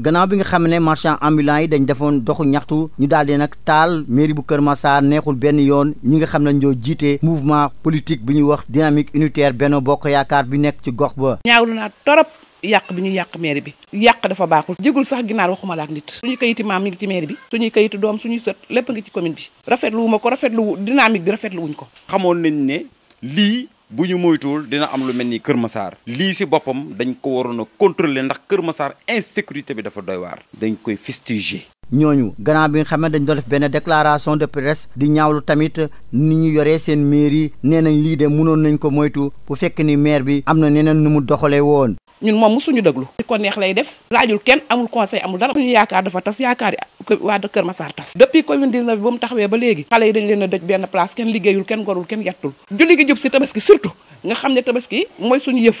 gannaaw bi nga xam ne marchand ambulant yi dañ defoon doxu ñaxtu ñu daal di nag taal mairie bu Kër Massar neexul benn yoon ñi nga xam ne ñoo jiite mouvement politique bi ñuy wax dynamique unitaire benn Bokk Yaakaar bi nekk ci gox ba. ñaawlu naa torop yàq bi ñu yàq mairie bi yàq dafa baaxul jégul sax ginaar waxuma la ak nit suñu kayitu maam mi ngi ci mairie bi suñuy kayitu doom suñuy sët lépp ngi ci commune bi rafetlu wu ma ko rafetlu dynamique bi rafetlu wuñ ko xamoon nañ ne lii bu ñu moytuwul dina am lu mel ni Kër Massar lii si boppam dañ ko waroon a contrôler ndax Kër Massar insécurité bi dafa doy waar dañ koy fustiger. ñooñu gannaaw bi nga xam dañ doon def benn déclaration de presse di ñaawlu tamit ni ñu yoree seen mairie nee nañ lii de mënoon nañ ko moytu bu fekk ni mair bi am na neneen nu mu doxalee woon. ñun moom mosuñu déglu. li ko neex lay def. laajul kenn amul conseil amul dara. ñu yaakaar dafa tas yaakaar waa de Kër Massar tas depuis covid ba mu taxawee ba léegi xale yi dañ leen a dëj benn place kenn liggéeyul kenn gorul kenn yettul julli gi jub si tabaski surtout nga xam ne tabaski mooy suñu yëf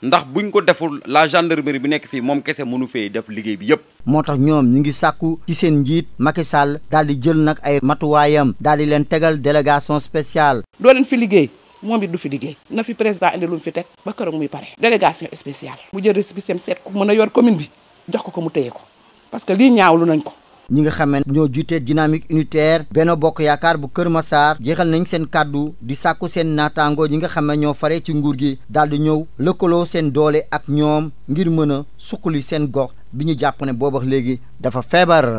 ndax buñ ko deful la gendarmerie bi nekk fii moom kese mënu fee def liggéey bi yëpp. moo tax ñoom ñu ngi sàkku ci seen njiit Macky Sall daal di jël nag ay matuwaayam daal di leen tegal délégation spéciale. doo leen fi liggéey. moom it du fi liggéey na fi président indi lu mu fi teg ba këram muy pare délégation spéciale mu jël récépissé seet ku mën a yor commune bi jox ko ko mu téye ko parce que lii ñaawlu nañ ko ñi nga xam ñoo jiite dynamique unitaire benn Bokk Yaakaar bu Kër Massar jeexal nañ seen kàddu di sàkku seen naataango ñi nga xam ne ñoo fare ci nguur gi daal di ñëw lëkkaloo seen doole ak ñoom ngir mën a suqali seen gox bi ñu jàpp ne booba léegi dafa feebar